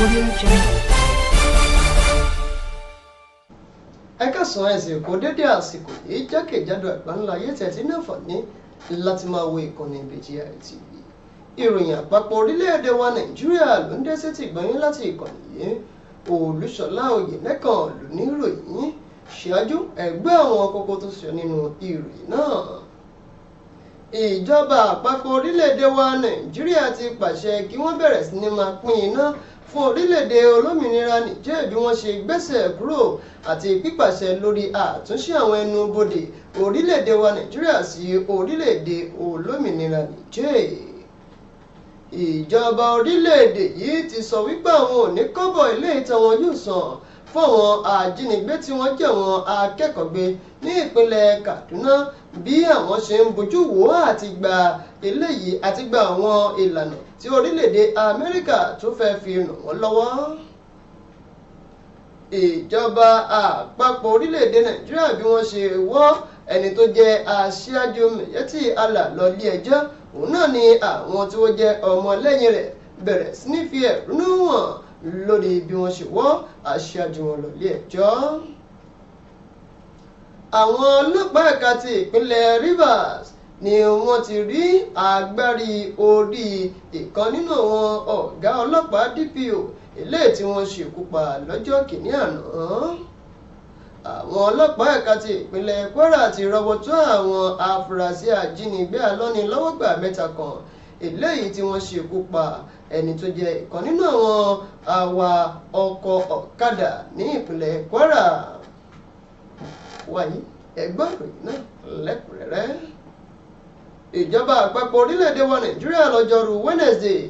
ẹ kẹsàn án ẹsẹ̀ kò dédé àsìkò yìí jákèjádò àgbáńlá ayé tẹ̀tí náà fàní láti máa wo ìkànnì BGI TV ìròyìn àpapọ̀ orílẹ̀-èdè wa nàìjíríà ló ń dé sí ti gbọ̀nyìn láti ìkànnì yìí olùṣọ́lá oyè nẹ́kan ló ní ìròyìn ṣáájú ẹgbẹ́ àwọn kókó tó sọ nínú ìròyìn náà ìjọba àpapọ̀ orílẹ̀-èdè wa nàìjíríà ti pàṣẹ kí wọ́n bẹ̀rẹ̀ sí ni máa pín iná fún orílẹ̀-èdè olómìnira Niger bí wọ́n ṣe gbẹ́sẹ̀ kúrò àti pípàṣẹ lórí àtúnṣe àwọn ẹnu bodè orílẹ̀-èdè wa Nàìjíríà sí orílẹ̀-èdè olómìnira Niger ìjọba orílẹ̀-èdè yìí ti sọ wípé àwọn ò ní kọ́bọ̀ ilé ìtàn wọn yóò san fáwọn ajínigbé tí wọ́n jẹ́ àwọn akẹ́kọ̀ọ́ gbé ní ìpínlẹ̀ Kaduna bí àwọn ṣe ń bójú wò àti gba eléyìí àti gba àwọn ìlànà tí orílẹ̀-èdè Amẹ́ríkà tó fẹ́ fi ràn wọ́n lọ́wọ́ ìjọba àpapọ̀ orílẹ̀-èdè Nàìjíríà bí wọ́n ṣe wọ́ ẹni tó jẹ́ aṣáájú Miyetti Allah lọ ilé ẹjọ́ òun náà ni àwọn tí wọ́n jẹ́ ọmọlẹ́yìn rẹ̀ bẹ̀rẹ̀ sí ní fi ẹ̀rúnú hàn lórí bí wọ́n ṣe wọ́ aṣáájú wọn lọ ilé àwọn ọlọ́pàá ẹ̀ka ti ìpínlẹ̀ Rivers ni wọ́n ti rí agbárí orí ìkan nínú àwọn ọ̀gá ọlọ́pàá DPO eléyìí tí wọ́n ṣekú pa lọ́jọ́ kìíní àná àwọn ọlọ́pàá ẹ̀ka ti ìpínlẹ̀ Kwara ti rọ́wọ́ tó àwọn afurasí ajínigbé alọ́nilọ́wọ́gbà mẹ́ta kan eléyìí tí wọ́n ṣekú pa ẹni tó jẹ́ ìkan nínú àwọn àwa ọkọ̀ ọ̀kadà ní ìpínlẹ̀ Kwara wáyé ẹgbẹ́ ìròyìn náà lẹ́kùnrẹ́rẹ́ ìjọba àpapọ̀ orílẹ̀-èdè wa Nàìjíríà lọ́jọ́rú Wednesday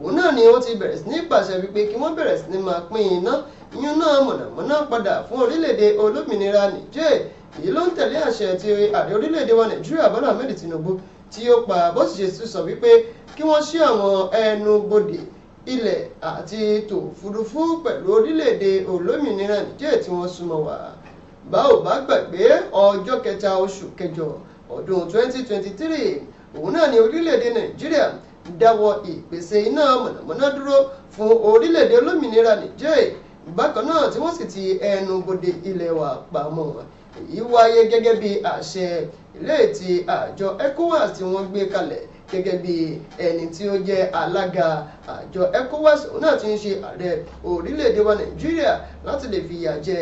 òun náà ni ó ti bẹ̀rẹ̀ sí ní pàṣẹ wípé kí wọ́n bẹ̀rẹ̀ sí ní máa pín iná yún náà mọ̀nàmọ́ná padà fún orílẹ̀-èdè olómìnira Niger èyí ló ń tẹ̀lé àṣẹ ti ààrẹ orílẹ̀-èdè wa Nàìjíríà Bọ́lá Ahmed Tinubu tí ó pa bó sì ṣe sọ wípé kí wọ́n ṣí àwọn ẹnu bodè ilẹ̀ àti tòfurufú pẹ̀lú orílẹ̀-èdè olómìnira Nìjẹ̀ tí wọ́n súnmọ́ wa bá ò bá gbàgbé ọjọ́ kẹta oṣù kẹjọ ọdún 2023 òun náà ni orílẹ̀-èdè Nàìjíríà dáwọ́ ìpèsè iná mọ̀nàmọ́ná dúró fún orílẹ̀-èdè olómìnira Nìjẹ̀ bákan náà tí wọ́n sì ti ẹnu bodè ilẹ̀ wa pamọ́ èyí wáyé gẹ́gẹ́ bí àṣẹ ilé ti àjọ ECOWAS tí wọ́n gbé kalẹ̀ gẹ́gẹ́ bí ẹni tí ó jẹ́ alága àjọ ECOWAS òun náà ti ń ṣe ààrẹ orílẹ̀-èdè wa Nàìjíríà láti lè fìyà jẹ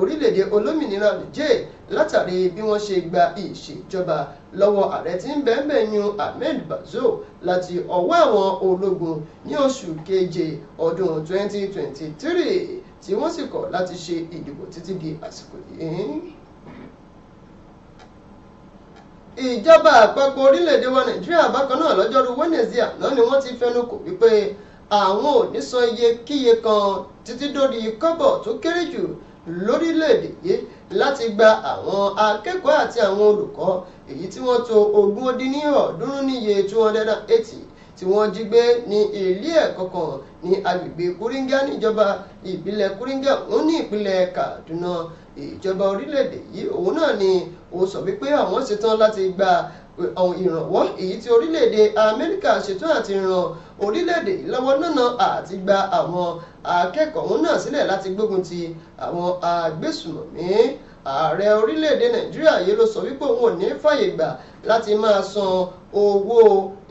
orílẹ̀-èdè olómìnira Niger látàrí bí wọ́n ṣe gba ìṣèjọba lọ́wọ́ ààrẹ tí ń bẹ́ẹ̀bẹ́ẹ̀ yun Ahmed Bazoum láti ọwọ́ àwọn ológun ní oṣù keje ọdún 2023 tí wọ́n sì kọ̀ láti ṣe ìdìbò títí di àsìkò yìí ìjọba àpapọ̀ orílẹ̀-èdè wa nàìjíríà bákan náà lọ́jọ́rú wednesday àná ni wọ́n ti fẹnu wípé àwọn ò ní san iye kíye kan títí dórí kọ́bọ̀ tó kéré jù lórílẹ̀-èdè yìí láti gba àwọn akẹ́kọ̀ọ́ àti àwọn olùkọ́ èyí tí wọ́n tó ogún ó ní ọ̀ọ́dúnrún níye two hundred and eighty tí wọ́n jí gbé ní ilé ẹ̀kọ́ kan ní agbègbè kúrínga níjọba ìbílẹ̀ kúrínga òun ní ìpínlẹ̀ kaduna ìjọba orílẹ̀-èdè yìí òun náà ni ó sọ wípé àwọn ṣetán láti gba eh, ìrànwọ́ èyí tí orílẹ̀-èdè Amẹ́ríkà ṣetán àti ran orílẹ̀-èdè yìí lọ́wọ́ lọ́nà àti gba àwọn akẹ́kọ̀ọ́ náà sílẹ̀ láti gbógun ti àwọn agbésùmọ̀mí ààrẹ orílẹ̀-èdè nàìjíríà yìí ló sọ wípé òun ò ní fàyè gbà láti máa san owó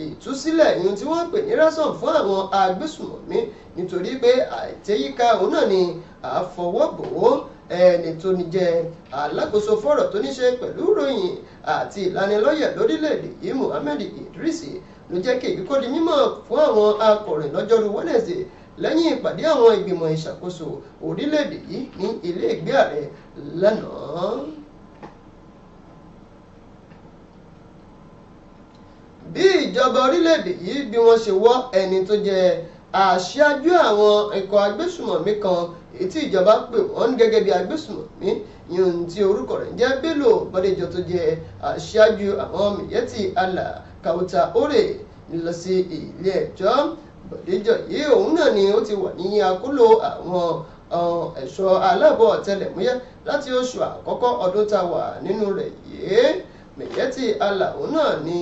ìtúsílẹ̀ ìyẹn tí wọ́n pè ní ransom fún àwọn agbésùmọ̀mí nítorí pé àìtẹ́yíká òun náà ni àfọwọ́bòó ẹni tó ní jẹ́ alákòóso fọ́rọ̀ tó ní ṣe pẹ̀lú ìròyìn àti ìlanilọ́yẹ̀ lórílẹ̀‐èdè yìí Muhammed Idrisi ló jẹ́ kí èyí kó di mímọ̀ fún àwọn akọ̀ròyìn lọ́jọ́rú Wednesday lẹ́yìn ìpàdé àwọn ìgbìmọ̀ ìṣàkóso orílẹ̀-èdè yìí ní ilé ìgbé ààrẹ lánàá. bí ìjọba orílẹ̀-èdè yìí bí wọ́n ṣe wọ́ ẹni tó jẹ́ àṣáájú àwọn ikọ̀ agbésùmọ̀mí kan tí ìjọba pè wọ́n gẹ́gẹ́ bí agbésùmọ̀mí yòòhùn tí orúkọ rẹ̀ jẹ́ Bello Bọ́déjọ tó jẹ́ àṣáájú àwọn Miyetti Allah Kauta Ore lọ sí ilé ẹjọ́ Bọ́déjọ yìí òun náà ni ó ti wà ní àkóló àwọn ẹ̀ṣọ́ aláàbọ̀ ọ̀tẹlẹ̀múyẹ́ láti oṣù àkọ́kọ́ ọdún tá a wà nínú rẹ̀ yìí mẹ̀yẹ́tì àlà òun náà ni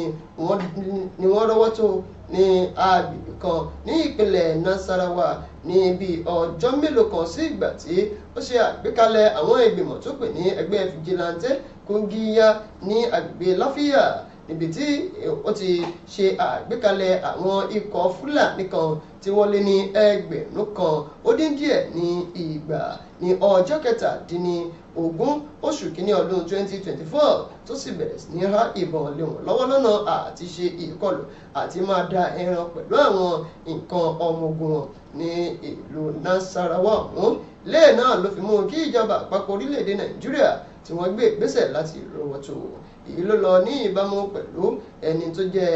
wọ́n rọwọ́ tó ní agbègbè kan ní ìpínlẹ̀ Nasarawa ní bí ọjọ́ mélòó kan sí ìgbà tí ó ṣe àgbékalẹ̀ àwọn ìgbìmọ̀ tó pè ní ẹgbẹ́ fìjìláńtẹ́ kòngíyá ní agbègbè láfíà níbi tí eh, ó ti ṣe àgbékalẹ̀ àwọn ikọ̀ fúlàní kan tí wọ́n lé ní ẹgbẹ̀rún kan ó dín díẹ̀ ní ìgbà ní ọjọ́ kẹtàdínní ogún oṣù kínní ọdún 2024 tó sì bẹ̀rẹ̀ sí ní há ìbọn lé wọn lọ́wọ́ lọ́nà àti ṣe ìkọlù àti máa da ẹran pẹ̀lú àwọn nǹkan ọmọ ogun wọn ní ìlú Nasarawa ọ̀hún lẹ́ẹ̀ náà ló fi mú kí ìjọba àpapọ̀ orílẹ̀-èdè Nàìjíríà tí wọ́n gbé ìgbésẹ̀ láti rọwọ́tò èyí ló lọ ní ìbámu pẹ̀lú ẹni tó jẹ́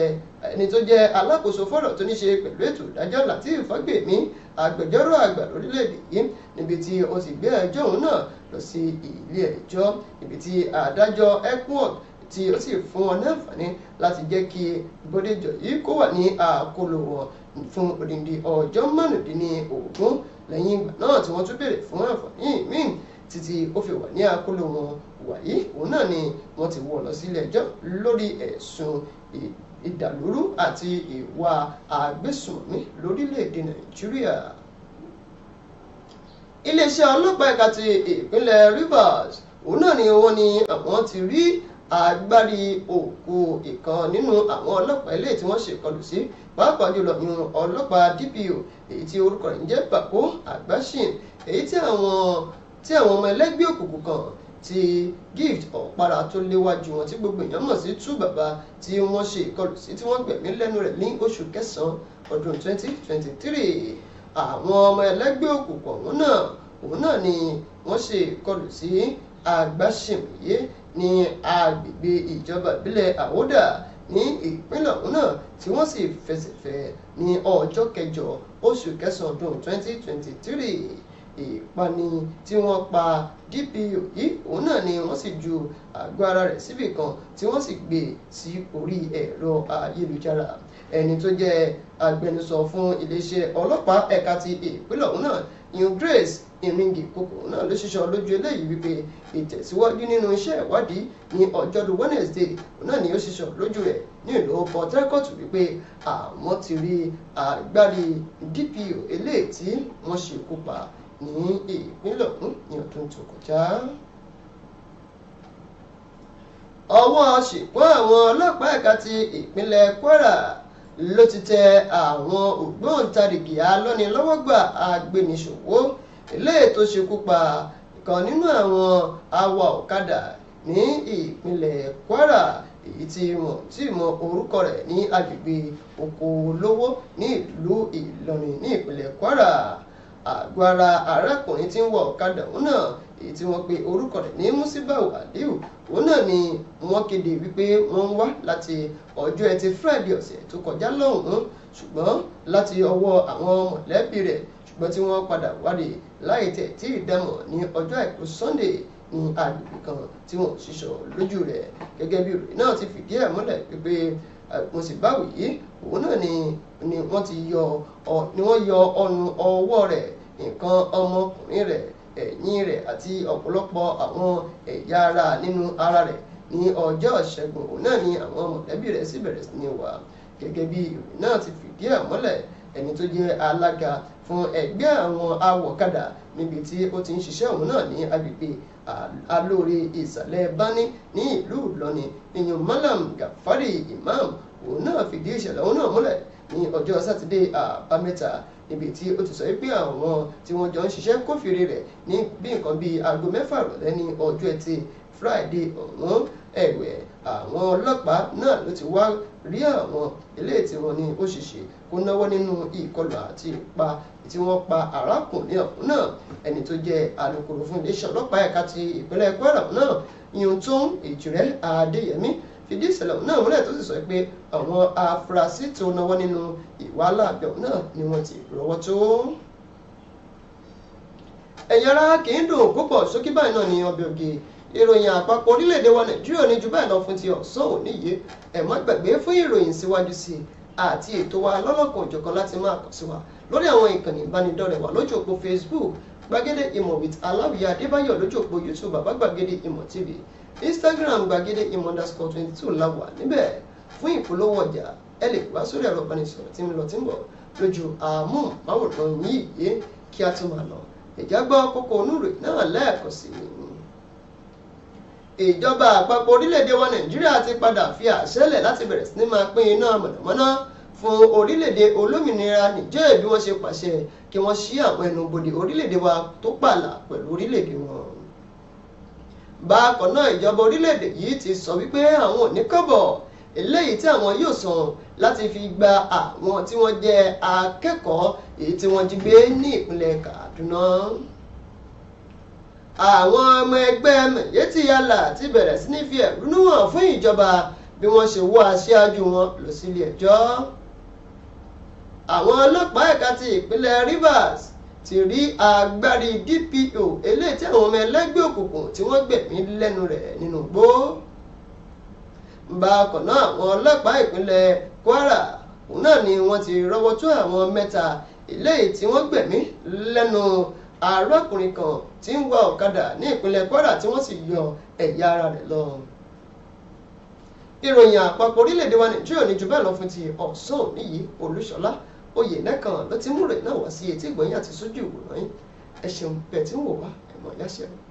ẹni tó jẹ́ alákòóso fọ́rọ̀ tó ní ṣe pẹ̀lú ètò ìdájọ́ Lateef Fagbemi agbẹjọ́rò àgbà lórílẹ̀‐èdè yìí níbi tí ó ti gbé ẹjọ́ òun náà lọ sí ilé ẹjọ́ níbi tí adájọ́ Ekwon tí ó sì fún wọn ní àǹfààní láti jẹ́ kí bódéjọ yìí kó wà ní àkólò wọn fún odindi ọjọ́ márùndínlógún lẹ́yìn ìgbà náà tí wọ́n tún béèrè fún àǹfààní míì títí ó fi wà ní àkóló wọn wàyí òun náà ni wọ́n ti wọ́ lọ sílé ẹjọ́ lórí ẹ̀sùn ìdàlúrú àti ìwà àgbésùnmí lórílẹ̀ nàìjíríà iléeṣẹ́ ọlọ́pàá ẹ̀ka ti ìpínlẹ̀ Rivers òun náà ni wọ́n ní àwọn ti rí agbárí òkú ìkan nínú àwọn ọlọ́pàá ilé tí wọ́n ṣèkọlù sí pàápàá jùlọ ní ọlọ́pàá DPO èyí tí orúkọ rẹ̀ ń jẹ́ Bako Agbashin èyí tí àwọn tí àwọn ọmọ ẹlẹ́gbẹ́ òkùnkùn kan ti gift ọ̀pára tó léwájú wọn tí gbogbo èèyàn mọ̀ sí tú bàbá tí wọ́n ṣe ìkọlù sí tí wọ́n gbẹ̀mí lẹ́nu rẹ̀ ní oṣù kẹsàn-án ọdún 2023 àwọn ọmọ ẹlẹ́gbẹ́ òkùnkùn ọ̀hún náà òun náà ni wọ́n ṣe ìkọlù sí àgbàṣemìyé ní agbègbè ìjọba ìbílẹ̀ àwòdà ní ìpínlẹ̀ ọ̀hún náà tí wọ́n sì fẹsẹ̀fẹ́ ní ọjọ́ kẹjọ oṣù kẹsàn-án ọdún 2023 ìpani tí wọ́n pa DPO yìí òun náà ni wọ́n sì ju àgọ́ ara rẹ̀ síbì kan tí wọ́n sì gbé sí orí ẹ̀rọ ayélujára ẹni tó jẹ́ agbẹnusọ fún iléeṣẹ́ ọlọ́pàá ẹ̀ka ti ìpínlẹ̀ ọ̀hún náà Grace ìrìngì kòkò náà ló ṣiṣọ́ lójú eléyìí wípé ìtẹ̀síwájú nínú iṣẹ́ ìwádìí ní ọjọ́dún Wednesday náà ni ó ṣiṣọ́ lójú rẹ̀ ní ìlú Port Harcourt wípé àwọn ti rí agbárí DPO eléyìí tí wọ́n ṣekú pa ní ìpínlẹ̀ Ògùn ní ọdún tó kọjá. ọwọ́ ṣìpọ́n àwọn ọlọ́pàá ẹ̀ka ti ìpínlẹ̀ Kwara ló ti tẹ àwọn ògbóǹtarìgì alọ́nilọ́wọ́gbà agbẹniṣòwò eléyìí tó ṣekú pa ìkan nínú àwọn awa ọ̀kadà ní ìpínlẹ̀ Kwara èyí tí wọn tí mọ orúkọ rẹ̀ ní agbègbè Oko ní ìlú Ìlọrin ní ìpínlẹ̀ Kwara àgọ́ arákùnrin tí ń wọ ọ̀kadà òun náà èyí tí wọ́n pe orúkọ rẹ̀ ní musibau aliu òun náà ni wọ́n kéde wípé wọ́n ń wá láti ọjọ́ ẹtì friday ọ̀sẹ̀ tó kọjá lọ́hùn-ún ṣùgbọ́n láti ọwọ́ àwọn mọ̀lẹ́bí rẹ̀ ṣùgbọ́n tí wọ́n padà wádìí láì tẹ̀ tí ìdámọ̀ ní ọjọ́ àìkú sunday ní agbègbè kan tí wọ́n ṣiṣọ́ lójú rẹ̀ gẹ́gẹ́ bí ìròyìn náà ti fìdí ẹ̀ múlẹ̀ pé musibau yìí òun náà ni wọ́n ti yọ ọ̀nù ọwọ́ rẹ̀ nǹkan ọmọkùnrin rẹ̀ ẹ̀yìn rẹ̀ àti ọ̀pọ̀lọpọ̀ àwọn ẹ̀yà ara nínú ara rẹ̀ ní ọjọ́ ìṣẹ́gun òun náà ni àwọn mọ̀lẹ́bí rẹ̀ sì bẹ̀rẹ̀ sí ní wá gẹ́gẹ́ bí ìròyìn náà ti fìdí ẹ̀ mọ́lẹ̀ ẹni tó jẹ́ alága fún ẹgbẹ́ àwọn awọ̀kadà níbi tí ó ti ń ṣiṣẹ́ òun náà ní agbègbè alóore ìsàlẹ̀ bani ní ìlú ìlọrin ìyún malam gafari imam òun náà fìdí ìṣẹ̀lẹ̀ òun náà múlẹ̀ ní ọjọ́ sátidé àbámẹ́ta níbi tí ó ti sọ pé àwọn tí wọ́n jọ ń ṣiṣẹ́ kófìrí rẹ̀ ní bí nǹkan bíi aago mẹ́fà rọ̀lẹ́ ní ọjọ́ ẹtì Friday ọ̀hún ẹ̀wẹ̀ àwọn ọlọ́pàá náà ló ti wá rí àwọn eléyìí tí wọ́n ní ó ṣèṣe kó náwó nínú ìkọlù àti ìpa tí wọ́n pa arákùnrin ọ̀hún náà ẹni tó jẹ́ alukoro fún iléeṣẹ́ ọlọ́pàá ẹ̀ka ti ìpínlẹ̀ Kwara náà ìyún tó ń ìjìrẹ́ Adéyẹmí fìdí ìṣẹ̀lẹ̀ ọ̀hún náà múlẹ̀ tó sì sọ pé àwọn afurasí tó náwó nínú ìwà aláàbẹ̀ náà ni wọ́n ti rọ́wọ́ tó ẹ̀yin ará kì í dùn púpọ̀ sókí báyìí náà ní ọbẹ̀ ògè ìròyìn àpapọ̀ orílẹ̀-èdè wa nàìjíríà ní ju báyìí lọ fún ti ọ̀sán òní yìí ẹ má gbàgbé fún ìròyìn síwájú sí i àti ètò wa lọ́lọ́kan òjọ̀kan láti máa kàn sí wa lórí àwọn ìkànnì ìbánidọ́rẹ̀ẹ́ wa lójú òpó facebook gbàgede ìmọ̀ with aláwìyé adébáyọ̀ lójú òpó youtube bàbá gbàgede ìmọ̀ tv instagram gbàgede ìmọ̀ underscore twenty two la wà níbẹ̀ fún ìpolówó ọjà ẹ lè wá sórí ẹ̀rọ ìbánisọ̀rọ̀ tí ń lọ tí ń bọ̀ lójú àmúhùnmáwòrán yìí kí a tún máa lọ ìjà gbọ́ kókó onúre náà lẹ́ẹ̀kan sí i ìjọba àpapọ̀ orílẹ̀-èdè wa nàìjíríà ti padà fi àṣẹ lẹ̀ láti bẹ̀rẹ̀ sí ní máa pín iná mọ̀nàmọ́ná fún orílẹ̀-èdè olómìnira Niger bí wọ́n ṣe pàṣẹ kí wọ́n ṣí àwọn ẹnubodè orílẹ̀-èdè wa tó pààlà pẹ̀lú orílẹ̀-èdè wọn. bákan náà ìjọba orílẹ̀-èdè yìí ti sọ wípé àwọn ò ní kọ́bọ̀ eléyìí tí àwọn yóò san láti fi gba àwọn tí wọ́n jẹ́ akẹ́kọ̀ọ́ èyí tí wọ́n jí gbé ní ìpínlẹ̀ Kaduna àwọn ọmọ ẹgbẹ́ mẹ̀yẹ́tì yálà ti bẹ̀rẹ̀ sí ní fi ẹ̀rúnú hàn fún ìjọba bí wọ́n ṣe wọ́ aṣáájú wọn lọ sílé ẹjọ́ àwọn ọlọ́pàá ẹ̀ka ti ìpínlẹ̀ Rivers ti rí agbárí DPO eléyìí tí àwọn ọmọ ẹlẹ́gbẹ́ òkùnkùn tí wọ́n gbẹ̀mí lẹ́nu rẹ̀ nínú igbó bákan náà àwọn ọlọ́pàá ìpínlẹ̀ Kwara òun náà ni wọ́n ti rọ́wọ́ tó àwọn mẹ́ta eléyìí tí wọ́n gbẹ̀mí lẹ́nu arákùnrin kan tí ń wa ọ̀kadà ní ìpínlẹ̀ Kwara tí wọ́n sì yọ ẹ̀yà ara rẹ̀ lọ ìròyìn àpapọ̀ orílẹ̀-èdè wa Nàìjíríà ní jù bẹ́ẹ̀ lọ fún ti ọ̀sán níyì Olúṣọlá oyè nẹ́kan ló ti múre náà wá sí etí ìgbọ̀nyìn àti sójú ìwòrán yín ẹ ṣeun bẹ́ẹ̀ tí ń wò wá ẹ̀mọ́ yáṣẹ́ rẹ̀.